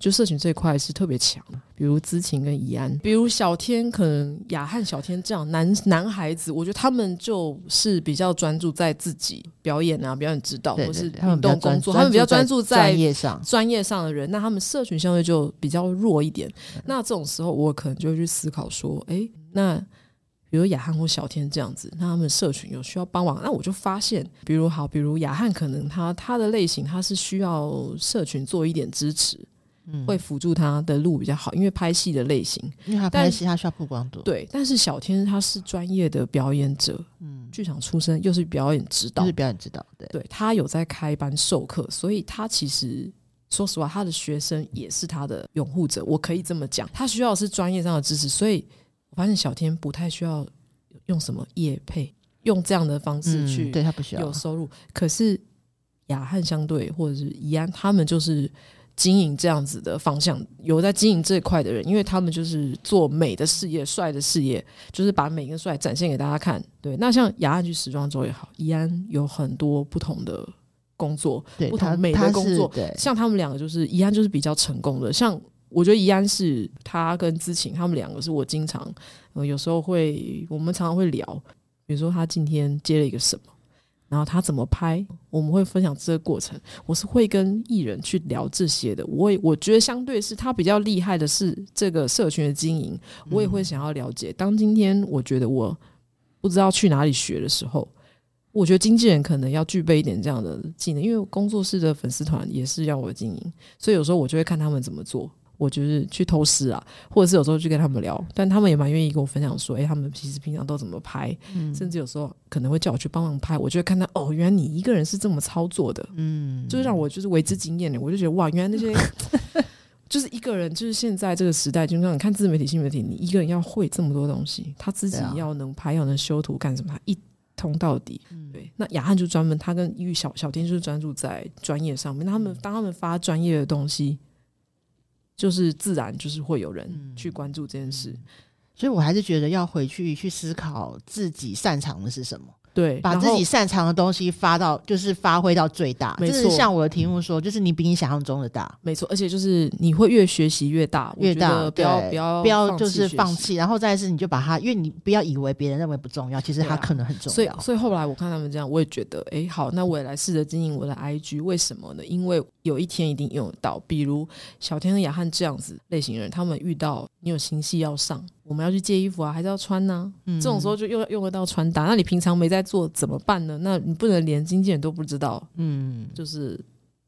就社群這一塊是特別強的，比如知情、跟怡安，比如小天可能雅漢、小天這樣男男孩子，我覺得他們就是比較專注在自己表演啊、表演指導，或是運動工作，他們比較專注在專業上的人，那他們社群相對就比較弱一點。嗯、那這種時候，我可能就會去思考說，哎、欸，那比如雅漢或小天這樣子，那他們社群有需要幫忙，那我就發現，比如好，比如雅漢可能他他的類型，他是需要社群做一點支持。會輔助他的路比較好，因為拍戲的類型，因為他拍戲但他需要曝光度。對，但是小天他是專業的表演者，嗯、劇場出身，又是表演指導，是表演指導，對，對，他有在開班授課，所以他其實說實話，他的學生也是他的擁護者，我可以這麼講。他需要的是專業上的支持，所以我發現小天不太需要用什麼業配，用這樣的方式去，嗯，對，他不需要有收入，可是雅漢相對或者是怡安，他們就是。經營這樣子的方向，有在經營這一塊的人，因為他們就是做美的事業、帥的事業，就是把美跟帥展現給大家看。對，那像雅安去時裝周也好，怡安有很多不同的工作，對不同美的工作。對，像他們兩個就是怡對安，就是比較成功的。像我覺得怡安是他跟知情他們兩個是我經常，有時候會我們常常會聊，比如說他今天接了一個什麼。然後他怎麼拍，我們會分享這個過程。我是會跟藝人去聊這些的。我也我覺得相對是他比較厲害的是這個社群的經營，我也會想要了解。嗯。當今天我覺得我不知道去哪裡學的時候，我覺得經紀人可能要具備一點這樣的技能，因為工作室的粉絲團也是要我經營，所以有時候我就會看他們怎麼做。我就是去偷師啊，或者是有時候去跟他們聊，但他們也蠻願意跟我分享，說：“哎、欸，他們其實平常都怎麼拍？嗯、甚至有時候可能會叫我去幫忙拍，我就會看到哦，原來你一個人是這麼操作的，嗯，就是讓我就是為之驚艷的。我就覺得哇，原來那些 [LAUGHS] 就是一個人，就是現在這個時代，就像你看自媒體、新媒體，你一個人要會這麼多東西，他自己要能拍，啊、要能修圖，幹什麼，他一通到底。對，那雅漢就專門他跟玉小小天就是專注在專業上面，他們、嗯、當他們發專業的東西。”就是自然，就是會有人去關注這件事，嗯、所以我還是覺得要回去去思考自己擅長的是什麼。對，把自己擅長的東西發到，就是發揮到最大。沒錯，就是像我的題目說，嗯、就是你比你想象中的大，沒錯。而且就是你會越學習越大，越大。不要不要不要，對不要就是放棄。然後再是，你就把它，因為你不要以為別人認為不重要，其實它可能很重要。啊、所以，所以後來我看他們這樣，我也覺得，哎，好，那我也來試着經營我的 IG。為什麼呢？因為有一天一定用得到。比如小天和雅漢這樣子類型的人，他們遇到你有新戲要上。我們要去借衣服啊，還是要穿呢、啊？這種時候就用用得到穿搭。那你平常沒在做怎麼辦呢？那你不能連經紀人都不知道，嗯，就是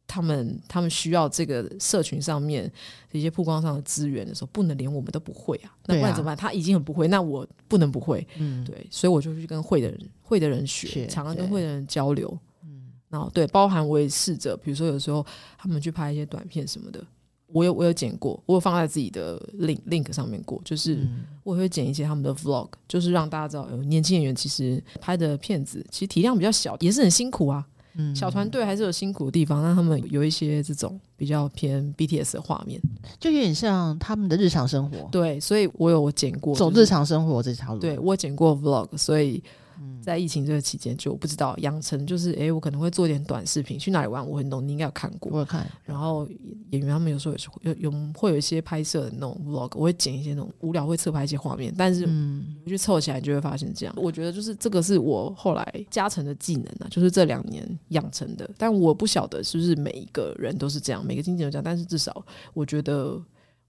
他們他們需要這個社群上面一些曝光上的資源的時候，不能連我們都不會啊。對啊。那不然怎麼辦？啊、他已經很不會，那我不能不會。嗯，對，所以我就去跟會的人，會的人學，是常常跟會的人交流。嗯對，然後對，包含我也試着，比如說有時候他們去拍一些短片什麼的。我有我有剪過，我有放在自己的 link link 上面過，就是我會剪一些他們的 vlog，就是讓大家知道，呃、年輕演員其實拍的片子其實體量比較小，也是很辛苦啊，嗯，小團隊還是有辛苦的地方，讓他們有一些這種比較偏 BTS 的畫面，就有點像他們的日常生活。對，所以我有剪過、就是、走日常生活這條路，對，我剪過 vlog，所以。在疫情這個期間，就不知道養成就是哎、欸，我可能會做一點短視頻，去哪裡玩？我很懂，你應該有看過。我看。然後演員他們有時候有有，有會有一些拍攝的那種 vlog，我會剪一些那種無聊會側拍一些畫面，但是嗯，我去湊起來就會發現這樣。我覺得就是這個是我後來加成的技能啊，就是這兩年養成的。但我不曉得是不是每一個人都是這樣，每個經紀人這樣，但是至少我覺得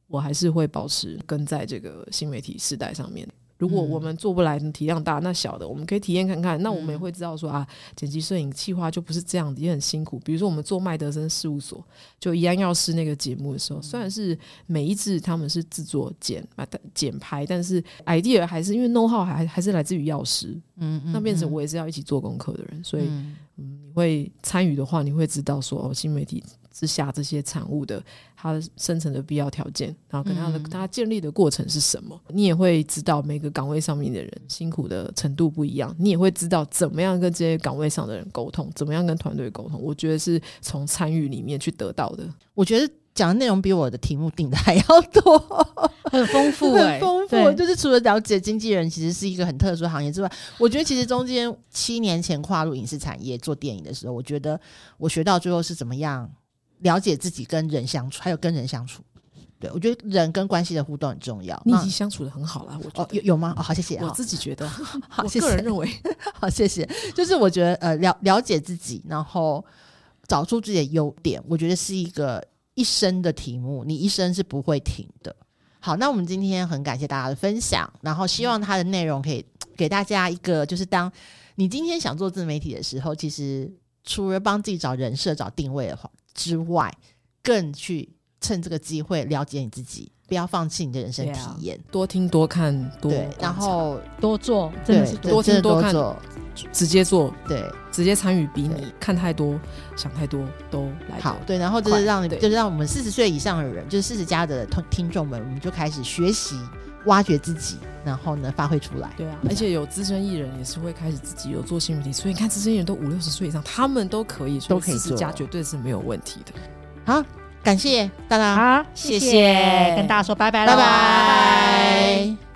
我還是會保持跟在這個新媒體時代上面。如果我們做不來的體量大，嗯、那小的我們可以體驗看看。那我們也會知道說啊，剪輯攝影企劃就不是這樣子，也很辛苦。比如說我們做麥德森事務所，就一樣藥師那個節目的時候，嗯、雖然是每一次他們是制作剪啊剪拍，但是 idea 還是因為 know-how 還還是來自於藥師，嗯，那變成我也是要一起做功課的人，所以、嗯嗯、你會參與的話，你會知道說哦，新媒體。之下這些產物的它生成的必要條件，然後跟它的大家建立的過程是什麼？嗯，你也會知道每個崗位上面的人辛苦的程度不一樣，你也會知道怎麼樣跟這些崗位上的人溝通，怎麼樣跟團隊溝通。我覺得是從參與裡面去得到的。我覺得講的內容比我的題目定的還要多， [LAUGHS] 很豐富欸，很豐富。就是除了了解經紀人其實是一個很特殊的行業之外，我覺得其實中間七年前跨入影視產業做電影的時候，我覺得我學到最後是怎麼樣。了解自己跟人相處，還有跟人相處，對，我覺得人跟關係的互動很重要。你已經相處得很好了，那我覺得、哦、有有嗎？哦，好，謝謝。我自己覺得， [LAUGHS] 好我個人認為， [LAUGHS] [LAUGHS] 好，謝謝。就是我覺得呃了了解自己，然後找出自己的優點，我覺得是一個一生的題目，你一生是不會停的。好，那我們今天很感謝大家的分享，然後希望它的內容可以給大家一個，就是當你今天想做自媒體的時候，其實除了幫自己找人設、找定位的話。之外，更去趁這個機會了解你自己，不要放棄你的人生體驗，啊、多聽多看多對，然後多做，真的是多，多聽多看，就多做直接做，對，直接參與比你看太多、對想太多都來得好。對，然後就是讓你，快對就是讓我們四十歲以上的人，就是四十加的聽眾們，我們就開始學習。挖掘自己，然後呢，發揮出來。對啊，嗯、而且有資深藝人也是會開始自己有做新媒體，嗯、所以你看，資深藝人都五六十歲以上，他們都可以，都可以、哦、所以自家，絕對是沒有問題的。哦、好，感謝大家啊，大大謝謝，跟大家說拜拜，拜拜。拜拜。